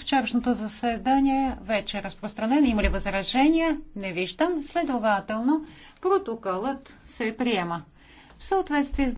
вчерашното заседание вече е разпространен. Има ли възражения? Не виждам. Следователно, протоколът се приема. В съответствие с